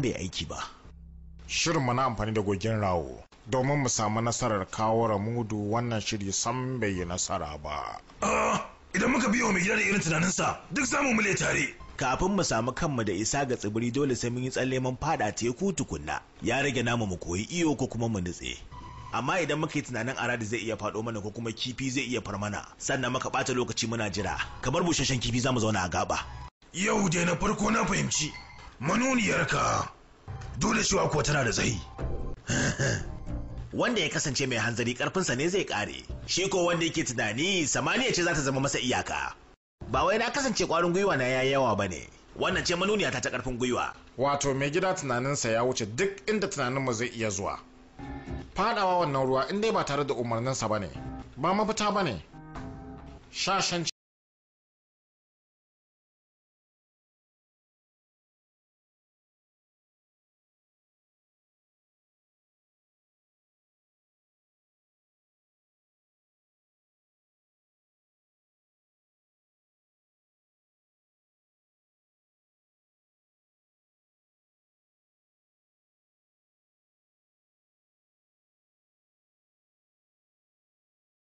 bai aiki ba shirin mana amfani da gogin rawo domin mu samu nasarar kawo ramudu wannan shiri san bai yi nasara ba ah, idan muka biyo mai gida da irin tunaninsa duk zamu mule tare kafin mu samu kanmu da isa ga tsibiri dole sai mun yi tsalle mun fada teku tukunna ya rage namu mu koyi iyo ko kuma mu nutse amma idan muka yi tunanin aradi zai iya faɗo mana ko kuma kifi zai iya far mana sannan muka ɓata lokaci muna jira kamar busasshen kifi za mu zauna a gaba yau dai na farko na fahimci manuniyarka dole cewa kuwa tana da zai. wanda ya kasance mai hanzari karfinsa ne zai kare shi ko wanda yake tunani samaniya ce za ta zama masa iyaka ba wai na kasance kwarin gwiwa na yayi yawa bane wannan ce manuniya ta ta karfin gwiwa wato mai gida tunaninsa ya wuce duk inda tunaninmu zai iya zuwa fadawa wannan ruwa in ba tare da umarninsa bane ba mafita bane shashanci